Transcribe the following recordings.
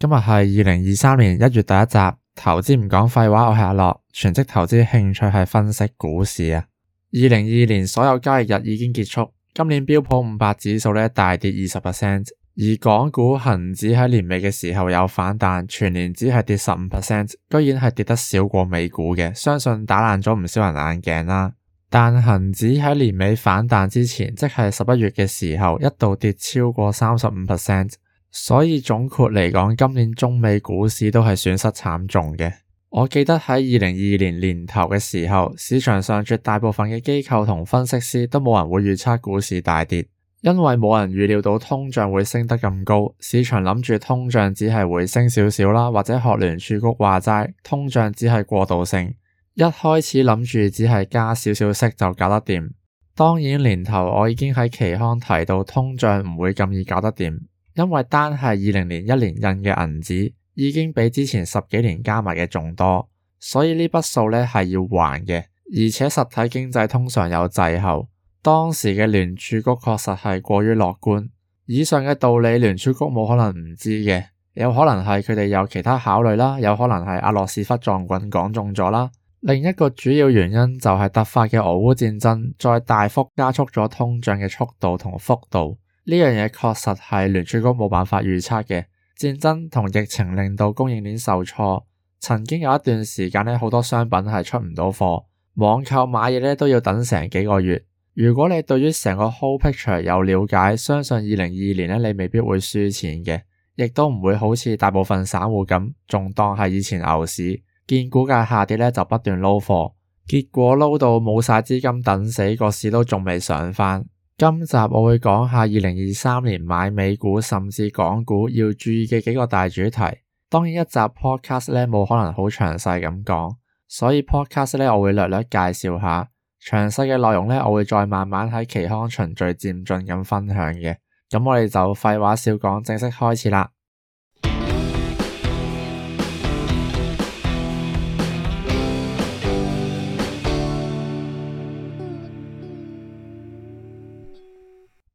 今日係二零二三年一月第一集，投資唔講廢話，我係阿樂，全職投資興趣係分析股市啊。二零二二年所有交易日已經結束，今年標普五百指數呢，大跌二十 percent，而港股恒指喺年尾嘅時候有反彈，全年只係跌十五 percent，居然係跌得少過美股嘅，相信打爛咗唔少人眼鏡啦。但恒指喺年尾反彈之前，即係十一月嘅時候，一度跌超過三十五 percent。所以總括嚟講，今年中美股市都係損失慘重嘅。我記得喺二零二二年年頭嘅時候，市場上絕大部分嘅機構同分析師都冇人會預測股市大跌，因為冇人預料到通脹會升得咁高。市場諗住通脹只係會升少少啦，或者學聯儲局話齋通脹只係過渡性，一開始諗住只係加少少息就搞得掂。當然年頭我已經喺期刊提到，通脹唔會咁易搞得掂。因為單係二零年一年印嘅銀紙，已經比之前十幾年加埋嘅仲多，所以呢筆數咧係要還嘅。而且實體經濟通常有滯後，當時嘅聯儲局確實係過於樂觀。以上嘅道理聯儲局冇可能唔知嘅，有可能係佢哋有其他考慮啦，有可能係阿洛士忽撞棍講中咗啦。另一個主要原因就係突發嘅俄烏戰爭，再大幅加速咗通脹嘅速度同幅度。呢樣嘢確實係聯儲局冇辦法預測嘅。戰爭同疫情令到供應鏈受挫，曾經有一段時間咧，好多商品係出唔到貨，網購買嘢咧都要等成幾個月。如果你對於成個 whole picture 有了解，相信2022年咧你未必會輸錢嘅，亦都唔會好似大部分散戶咁，仲當係以前牛市，見股價下跌呢就不斷撈貨，結果撈到冇晒資金等死，個市都仲未上翻。今集我會講下二零二三年買美股甚至港股要注意嘅幾個大主題。當然一集 podcast 呢冇可能好詳細咁講，所以 podcast 呢我會略略介紹下，詳細嘅內容呢，我會再慢慢喺期刊循序漸進咁分享嘅。咁我哋就廢話少講，正式開始啦。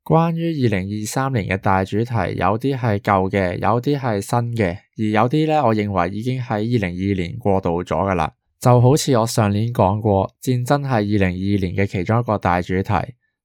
關於二零二三年嘅大主題，有啲係舊嘅，有啲係新嘅，而有啲呢，我認為已經喺二零二二年過渡咗噶啦。就好似我上年講過，戰爭係二零二二年嘅其中一個大主題，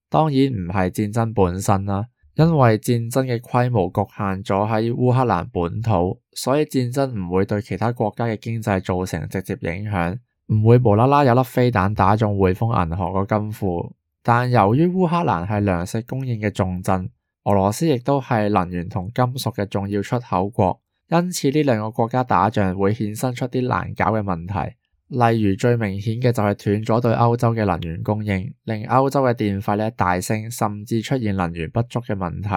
當然唔係戰爭本身啦，因為戰爭嘅規模局限咗喺烏克蘭本土，所以戰爭唔會對其他國家嘅經濟造成直接影響，唔會無啦啦有粒飛彈打中匯豐銀行個金庫。但由於烏克蘭係糧食供應嘅重鎮，俄羅斯亦都係能源同金屬嘅重要出口國，因此呢兩個國家打仗會衍生出啲難搞嘅問題。例如最明顯嘅就係斷咗對歐洲嘅能源供應，令歐洲嘅電費咧大升，甚至出現能源不足嘅問題。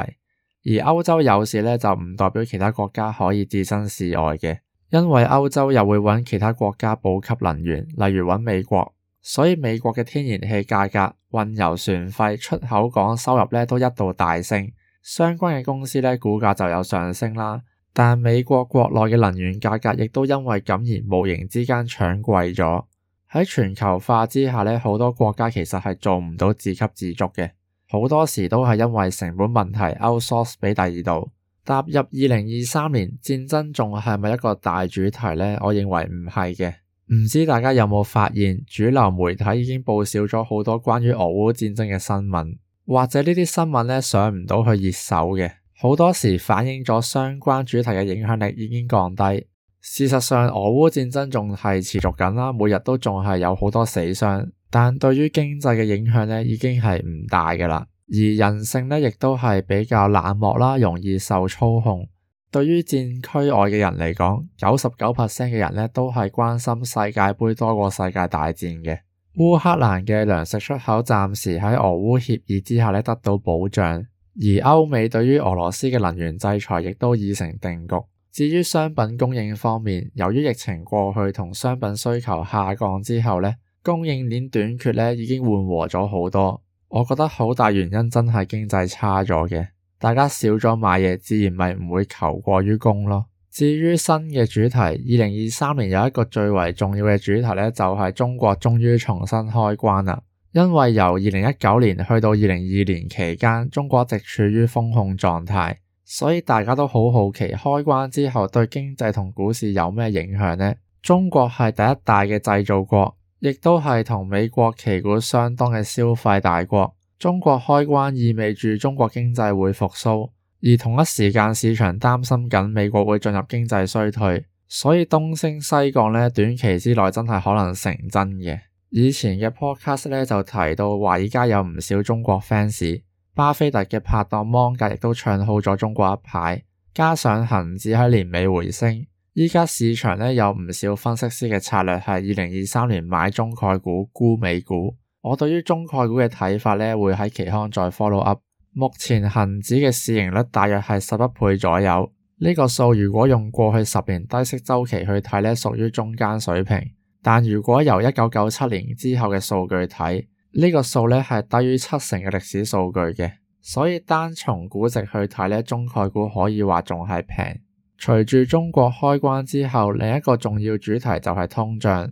而歐洲有事呢，就唔代表其他國家可以置身事外嘅，因為歐洲又會搵其他國家補給能源，例如搵美國。所以美國嘅天然氣價格、運油船費、出口港收入呢都一度大升，相關嘅公司呢，股價就有上升啦。但美國國內嘅能源價格亦都因為咁而無形之間搶貴咗。喺全球化之下呢，好多國家其實係做唔到自給自足嘅，好多時都係因為成本問題 outsource 畀第二度。踏入二零二三年，戰爭仲係咪一個大主題呢？我認為唔係嘅。唔知大家有冇發現，主流媒體已經報少咗好多關於俄烏戰爭嘅新聞，或者呢啲新聞咧上唔到去熱搜嘅，好多時反映咗相關主題嘅影響力已經降低。事實上，俄烏戰爭仲係持續緊啦，每日都仲係有好多死傷，但對於經濟嘅影響咧已經係唔大噶啦，而人性呢，亦都係比較冷漠啦，容易受操控。對於戰區外嘅人嚟講，九十九 percent 嘅人咧都係關心世界杯多過世界大戰嘅。烏克蘭嘅糧食出口暫時喺俄烏協議之下咧得到保障，而歐美對於俄羅斯嘅能源制裁亦都已成定局。至於商品供應方面，由於疫情過去同商品需求下降之後咧，供應鏈短缺咧已經緩和咗好多。我覺得好大原因真係經濟差咗嘅。大家少咗買嘢，自然咪唔會求過於供咯。至於新嘅主題，二零二三年有一個最為重要嘅主題呢就係中國終於重新開關啦。因為由二零一九年去到二零二年期間，中國一直處於封控狀態，所以大家都好好奇開關之後對經濟同股市有咩影響呢？中國係第一大嘅製造國，亦都係同美國旗鼓相當嘅消費大國。中國開關意味住中國經濟會復蘇，而同一時間市場擔心緊美國會進入經濟衰退，所以東升西降呢，短期之內真係可能成真嘅。以前嘅 podcast 呢就提到話，依家有唔少中國 fans，巴菲特嘅拍檔芒格亦都唱好咗中國一排，加上恒指喺年尾回升，依家市場呢有唔少分析師嘅策略係二零二三年買中概股沽美股。我對於中概股嘅睇法咧，會喺期刊再 follow up。目前恒指嘅市盈率大約係十一倍左右，呢個數如果用過去十年低息週期去睇咧，屬於中間水平。但如果由一九九七年之後嘅數據睇，呢個數咧係低於七成嘅歷史數據嘅。所以單從估值去睇咧，中概股可以話仲係平。隨住中國開關之後，另一個重要主題就係通脹。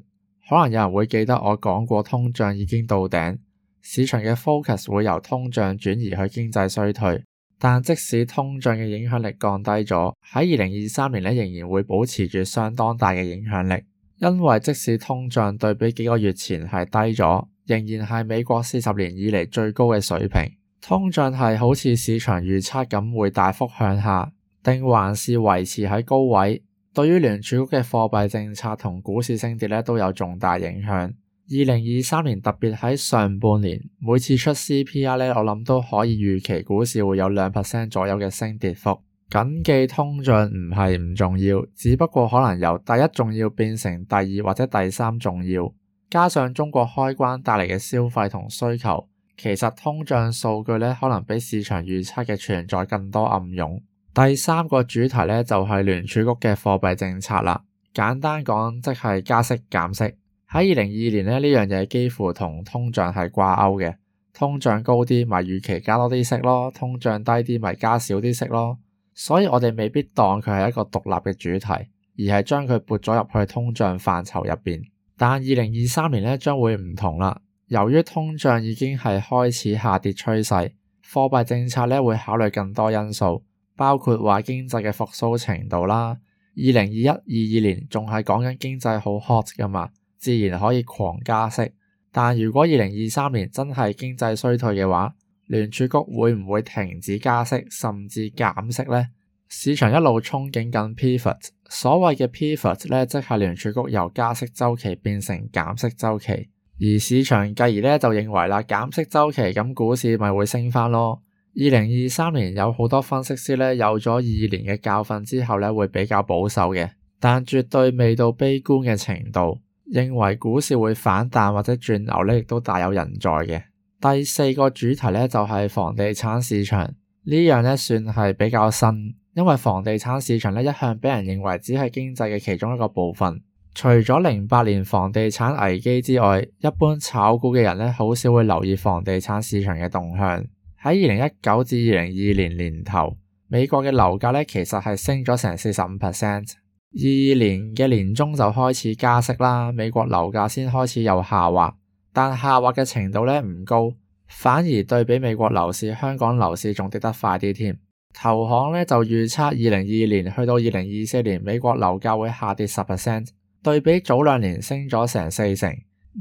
可能有人會記得我講過通脹已經到頂，市場嘅 focus 會由通脹轉移去經濟衰退。但即使通脹嘅影響力降低咗，喺二零二三年呢，仍然會保持住相當大嘅影響力，因為即使通脹對比幾個月前係低咗，仍然係美國四十年以嚟最高嘅水平。通脹係好似市場預測咁會大幅向下，定還是維持喺高位？對於聯儲局嘅貨幣政策同股市升跌咧都有重大影響。二零二三年特別喺上半年，每次出 CPI 咧，我諗都可以預期股市會有兩 percent 左右嘅升跌幅。緊記通脹唔係唔重要，只不過可能由第一重要變成第二或者第三重要。加上中國開關帶嚟嘅消費同需求，其實通脹數據咧可能比市場預測嘅存在更多暗湧。第三個主題呢，就係聯儲局嘅貨幣政策啦。簡單講，即係加息減息。喺二零二二年呢，呢樣嘢幾乎同通脹係掛鈎嘅，通脹高啲咪預期加多啲息咯，通脹低啲咪加少啲息咯。所以我哋未必當佢係一個獨立嘅主題，而係將佢撥咗入去通脹範疇入邊。但二零二三年呢，將會唔同啦，由於通脹已經係開始下跌趨勢，貨幣政策呢會考慮更多因素。包括話經濟嘅復甦程度啦，二零二一、二二年仲係講緊經濟好 hot 㗎嘛，自然可以狂加息。但如果二零二三年真係經濟衰退嘅話，聯儲局會唔會停止加息，甚至減息呢？市場一路憧憬緊 pivot，所謂嘅 pivot 呢，即係聯儲局由加息週期變成減息週期，而市場繼而呢，就認為啦，減息週期咁股市咪會升返咯。二零二三年有好多分析師呢，有咗二年嘅教訓之後呢，會比較保守嘅，但絕對未到悲觀嘅程度，認為股市會反彈或者轉牛呢，亦都大有人在嘅。第四個主題呢，就係房地產市場呢樣呢，算係比較新，因為房地產市場呢，一向俾人認為只係經濟嘅其中一個部分，除咗零八年房地產危機之外，一般炒股嘅人呢，好少會留意房地產市場嘅動向。喺二零一九至二零二二年年頭，美國嘅樓價咧其實係升咗成四十五 percent。二二年嘅年中就開始加息啦，美國樓價先開始有下滑，但下滑嘅程度咧唔高，反而對比美國樓市，香港樓市仲跌得快啲添。投行咧就預測二零二二年去到二零二四年，美國樓價會下跌十 percent，對比早兩年升咗成四成，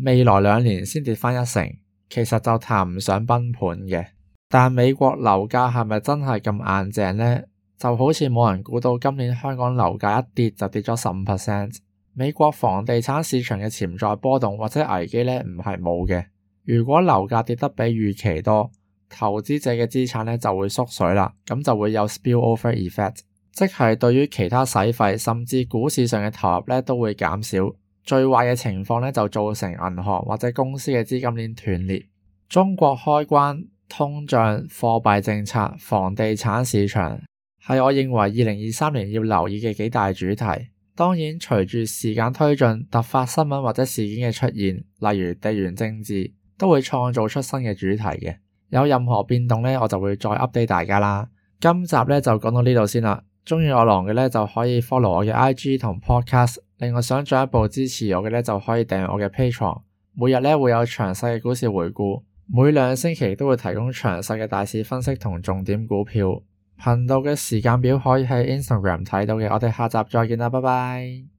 未來兩年先跌翻一成，其實就談唔上崩盤嘅。但美國樓價係咪真係咁硬淨呢？就好似冇人估到今年香港樓價一跌就跌咗十五 percent。美國房地產市場嘅潛在波動或者危機呢，唔係冇嘅。如果樓價跌得比預期多，投資者嘅資產呢就會縮水啦，咁就會有 spillover effect，即係對於其他使費甚至股市上嘅投入呢都會減少。最壞嘅情況呢，就造成銀行或者公司嘅資金鏈斷裂。中國開關。通脹、貨幣政策、房地產市場係我認為二零二三年要留意嘅幾大主題。當然，隨住時間推進，突發新聞或者事件嘅出現，例如地緣政治，都會創造出新嘅主題嘅。有任何變動呢，我就會再 update 大家啦。今集呢，就講到呢度先啦。鍾意我郎嘅呢，就可以 follow 我嘅 IG 同 podcast。另外，想進一步支持我嘅呢，就可以訂閱我嘅 Patreon。每日呢，會有詳細嘅股市回顧。每兩星期都會提供詳細嘅大市分析同重點股票。頻道嘅時間表可以喺 Instagram 睇到嘅。我哋下集再見啦，拜拜。